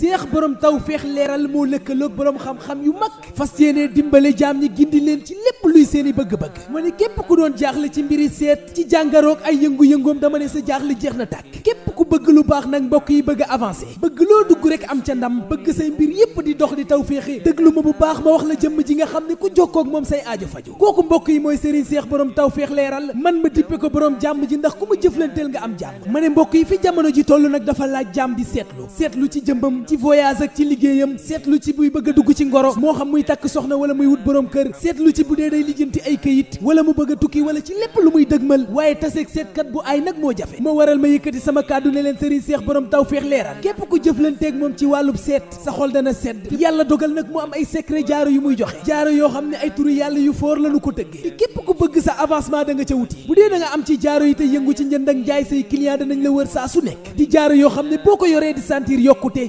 seex borom taw feex leeral moo lëkkaloog borom xam-xam yu mag fas yéene dimbale jaam ñi gindi leen ci lépp luy seeni bëgg-bëgg ma ne képp ku doon jaaxle ci mbiri seet ci jàngaroog ay yëngu-yëngoom dama ne sa jaaxle jeex na tàkk képp ku bëgg lu baax nag mbokk yi bëgg a bëgg loo dugg rek am ca ndam bëgg say mbir yépp di dox di taw féexe dëglu ma bu baax ma wax la jëmm ji nga xam ne ku jokkoo moom say aajo faju kooku mbokk yi mooy Serigne Seex borom taw feex leeral man ma dippe ko borom jàmm ji ndax ku ma jëflanteel nga am jàmm ma ne mbokk yi fi jamono ji toll nag dafa laaj jàmm di seetlu seetlu ci jëmbam ci voyage ak ci liggéeyam seetlu ci buy bëgg dugg ci ngoro moo xam muy takk soxna wala muy wut borom kër seetlu ci bu dee day lijjanti ay këyit wala mu bëgg tukki wala ci lépp lu muy dëgmal waaye taseeg seetkat bu ay nag moo jafe moo waral ma yëkkati sama kàddu ne leen sëriñ seex borom taw feex leeral képp ku jëflanteeg moom ci wàllub seet sa xol dana sedd yàlla dogal nag mu am ay secret jaaro yu muy joxe jaaro yoo xam ne ay turu yàlla yu foor lanu ko tëggee képp ku bëgg sa avancement da nga ca wuti bu am ci jaaro yi te yëngu ci njënd ak jaay say client danañ la wër saa su nekk di jaaro yoo xam ne boo ko yoree di sentir yokkute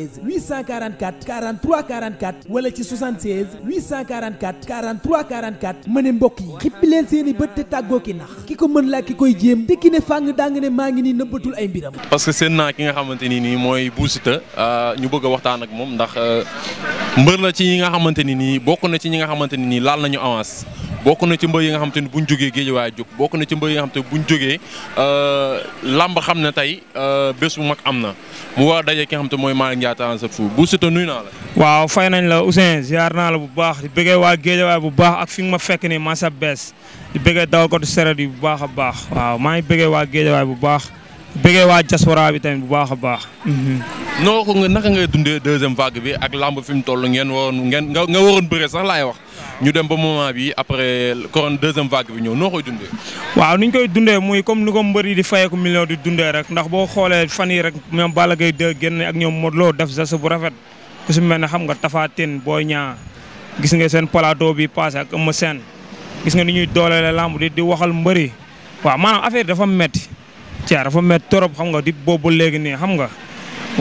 76 844 43 44 wala ci 76 844 43 44 ma ne mbokk yi xippi leen seen i bët te tàggoo ki nax ki ko mën laa ki koy jéem te ki ne fàng daa ne maa ngi nii nëbbatul ay mbiram. parce que seen naa ki nga xamante ni nii mooy Bou Siteu ñu bëgg a waxtaan ak moom ndax mbër la ci ñi nga xamante ni nii bokk na ci ñi nga xamante ni nii laal nañu avance. bokk na ci mbër yi nga xam te ne buñ jógee géejawaay jóg bokk na ci mbër yi nga xam te ne buñ jógee euh, làmb xam ne tey euh, bés bu mag am na mu war daje ki nga xam te mooy Malick Ndiaye 37 Fou bu Siteu nuyu naa la. waaw fay nañ la Ousseyn ziar naa la bu baax di bëggee waa géejawaay bu baax ak fi nga ma fekk nii masa bees di bëggee dawalkatu seret yi bu baax a baax waaw maa ngi bëggee waa géejawaay bu baax bëggee waa diaspora bi tamit bu baax a baax mhm. noo ko nga naka ngay dundee deuxième vague bi ak làmb fi mu toll ngeen waroon ngeen nga nga waroon bëre sax laay wax ñu dem ba moment bi après corona deuxième vague bi ñëw noo koy dundee. waaw ni ñu koy dundee muy comme nu ko mbër yi di fayeeku million di dundee rek ndax boo xoolee fan yi rek ñoom bala gay 2 génn ak ñoom Modou Lo def geste bu rafet ku si mel ne xam nga tafaa Tine Boy ñaa gis nga seen plateau bi passé ak Eumeu Sène gis nga ni ñuy dooleele làmb di di waxal mbër yi waaw maanaam affaire metti caa dafa metti xam nga di boobu léegi nii xam nga.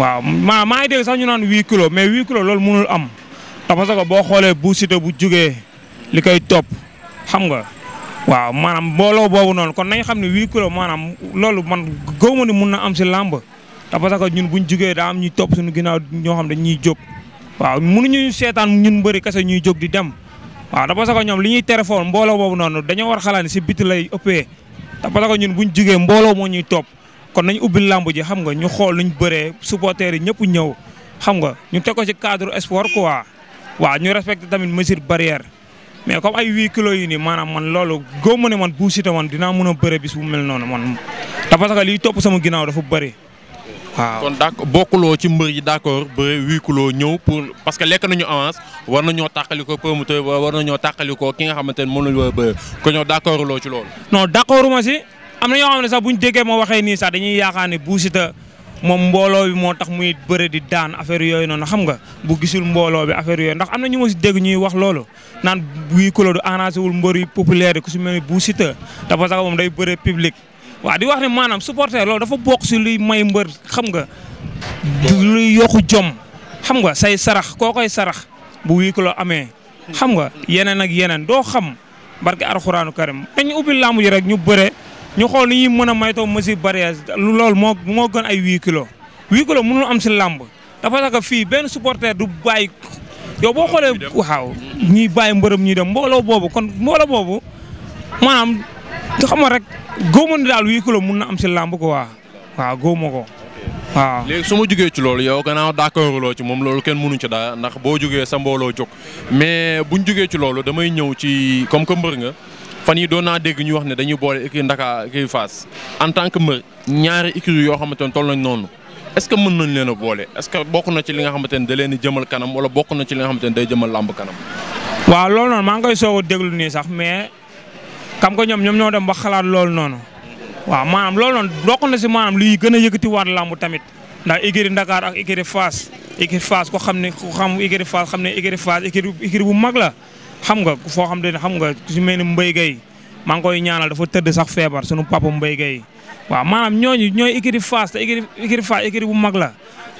waaw maa maa ngi dégg sax ñu naan huit kilos mais huit kilos loolu mënul am te parce boo xoolee bu Siteu bu jugee li koy topp xam nga waaw maanaam mbooloo boobu noonu kon nañu xam ne huit kilos maanaam loolu man gëw ma ni mun na am si làmb te parce que ñun buñ jugee daa am ñuy topp suñu ginnaaw ñoo xam dañ ñuy jóg munu mënuñu seetaan ñun mbëri kese ñuy jóg di dem waaw te parce que ñoom li ñu téléphone mbooloo boobu noonu dañoo war xalaat si biti lay ëppee te parce que ñun buñ jugee moo ñuy topp kon nañ ubbi làmb ji xam nga ñu xool nuñ bëree supporters yi ñëpp ñëw xam nga ñu teg ko ci cadre sport ko waaw ñu respecté tamit mesure barrière mais comme ay huit kilos yi nii maanaam man loolu góob ma ne man Bou Siteu man dinaa mën a bëre bis bu mel noonu man te parce que liy topp sama ginnaaw dafa bëri waaw. kon daa bokkuloo ci mbër yi d' accord bëre kilos ñëw pour parce que lekk nañu avance war nañoo tàqali ko promoteur war nañoo tàqali ko ki nga xamante ne moom la ñu war a bëre ko ñoo d' loo ci lool non d' si. am na ñoo xam ne sax bu ñu déggee moo waxee nii sax dañuy yaakaar ne Bou moom mbooloo bi moo tax muy bëre di daan affaire yooyu noonu xam nga bu gisul mbooloo bi affaire yooyu ndax am na ñu ma si dégg ñuy wax loolu naan wii kulo du arrangé wul mbër yi populaire yi ku si mel ni Bou Siteu te parce moom day bëre public. waaw di wax ne maanaam supporter loolu dafa bokk si luy may mbër xam nga. luy yokku jom xam nga say sarax koo koy sarax bu wii amee. xam nga yeneen ak yeneen doo xam barke alxuraanu karim dañu ubbi làmb ji rek ñu bëre. ñu xool ni ñuy mën a maytoo ma si lu loolu moo moo gën ay huit kilos huit kilos mënul am si làmb dafa tax fii benn supporter du bàyyi yow boo xoolee waaw ñii bàyyi mbërëm ñuy dem mbooloo boobu kon mbooloo boobu maanaam nga xam rek góob daal huit kilos mun na am si làmb ko waa waaw góob ma ko waaw léegi su ma jugee ci loolu yow gannaaw d'accord loo ci moom loolu kenn mënuñ ci daal ndax boo jógee sa mbooloo jóg mais buñ jugee ci loolu damay ñëw ci comme que mbër nga fan yi doon naa dégg ñu wax ne dañuy boole écurie Ndakaar écurie Fass en que mbër ñaari écurie yoo xamante ne toll nañ noonu est ce mën nañ leen boole est que bokk na ci li nga xamante ne da leen di jëmal kanam wala bokk na ci li nga xamante ne day jëmal làmb kanam. waaw loolu noonu maa ngi koy soog déglu nii sax mais xam nga ñoom ñoom ñoo dem ba xalaat lool noonu waaw maanaam loolu noonu bokk na si maanaam luy gën a yëkkatiwaat làmb tamit ndax écurie Ndakaar ak écurie Fass écurie Fass ko xam ne ko xam écurie Fass xam ne écurie Fass écurie bu ma la xam nga foo xam ne xam nga su mel ni Mbaye Gueye maa ngi koy ñaanal dafa tëdd sax feebar sunu papa Mbaye Gueye waaw maanaam ñooñu ñooy écurie Fass te écurie écurie Fass bu mag la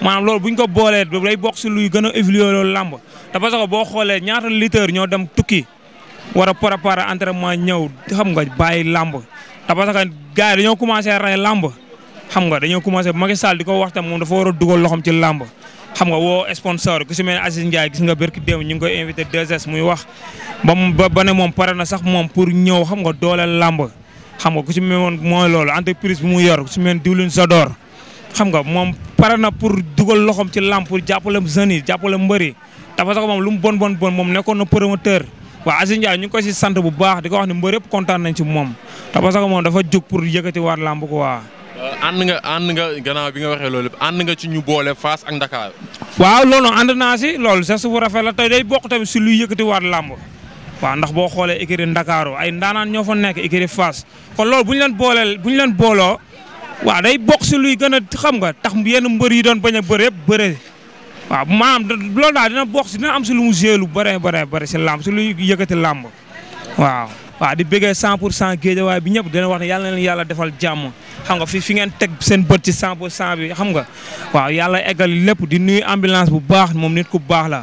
maanaam loolu bu ñu ko boolee day bokk si luy gën a évoluer loolu làmb te parce boo xoolee ñaata lutteurs ñoo dem tukki war a entre entraînement ñëw xam nga bàyyi làmb te parce que gars yi dañoo commencé rey làmb xam nga dañoo commencé Macky Sall di ko wax tam moom dafa war a dugal loxoom ci làmb xam nga woo sponsor ku si mel ne Aziz Ndiaye gis nga bërki déew ñu ngi koy invité 2S muy wax ba ba ne moom pare na sax moom pour ñëw xam nga dooleel làmb xam nga ku si mel woon mooy lool entreprise bi mu yor ku si mel diwlin Sodor xam nga moom pare na pour dugal loxoom ci làmb pour jàppale jeunes jàppale mbëri dafa sax moom lu mu bon bon moom nekkoon na promoteur waaw Aziz Ndiaye ñu ngi ko si sant bu baax di ko wax ne mbër yëpp kontaan nañ ci moom dafa sax moom dafa jóg pour yëkkati waat làmb ko waa ànd nga ànd nga gannaaw bi nga waxee loolu ànd nga ci ñu boole Fass ak Dakar. waaw loolu ànd naa si loolu sax su rafet la tey day bokk tamit si luy yëkkatiwaat làmb. waaw ndax boo xoolee écurie Ndakaaru ay ndaanaan ñoo fa nekk écurie Fass kon loolu ñu leen booleel bu ñu leen booloo waaw day bokk si luy gën a xam nga tax yenn mbër yi doon bañ a bëre yëpp bëre waaw maanaam loolu daal dina bokk si dina am si lu mu géelu bare bare bare si làmb si luy yëkkati làmb waaw waaw di bëggee 100 pour cent géejawaay bi ñëpp dina wax ne yàlla na leen yàlla defal jàmm xam nga fi fi ngeen teg seen bët ci 100 pour 100 bi xam nga waaw yàlla eggal lépp di nuyu ambulance bu baax moom nit ku baax la.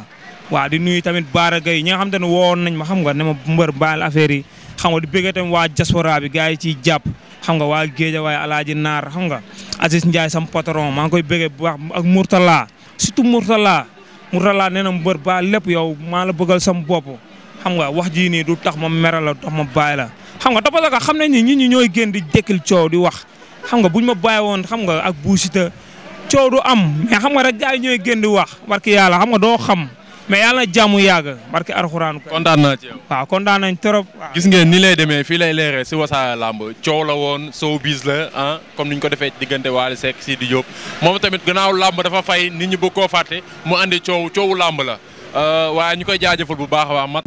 waaw di nuyu tamit Baara Gueye ñi nga xam te ne woon nañ ma xam nga ne ma mbër baal affaire yi xam nga di bëgg tamit waa diaspora bi gars yi ciy jàpp xam nga waa Géeja waaye Alaaji Naar xam nga Aziz Ndiaye sam patron maa ngi koy bëggee bu baax ak Mourtala surtout Mourtala Mourtala nee na mbër baal lépp yow maa la bëggal sam bopp xam nga wax ji nii du tax ma meral la du ma bàyyi la xam nga di jékkil xam nga bu buñ ma bàyyi woon xam nga ak buusita coow du am mais xam nga rek gars yi ñooy gën di wax barki yàlla xam nga doo xam mais yàlla na jàmm yàgg barki arxuraanu ko kontaan naa ci yow kontaan nañ trop gis ngeen ni lay demee fii lay leeree si Wassare làmb coow la woon showbiz la ah comme ni ñu ko defee diggante seek si di Diop moom tamit gannaaw làmb dafa fay nit ñi bëgg koo fàtte mu andi coow coowu làmb la euh, waaye ñu koy jaajëfal bu baax a baax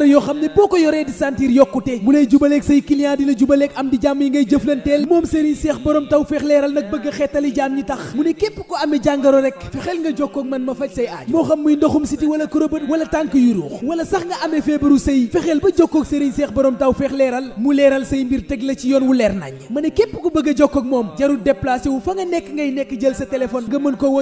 dara yoo xam ne boo ko yoree di sentir yokkute mu lay jubaleeg say client di la jubaleeg am di jàmm yi ngay jëflanteel moom Serigne Cheikh borom taw feex leeral nag bëgg a xeetali jaam tax mu ne képp ko amee jàngoro rek fexeel nga jokkoog man ma faj say aaj moo xam muy ndoxum siti wala kurobët wala tànk yu ruux wala sax nga amee feebaru sëy fexeel ba jokkoog Serigne Cheikh borom taw feex leeral mu leeral say mbir teg la ci yoon wu leer nañ ma ne képp a jokkoog moom jarul déplacé wu fa nga nekk ngay nekk ko woo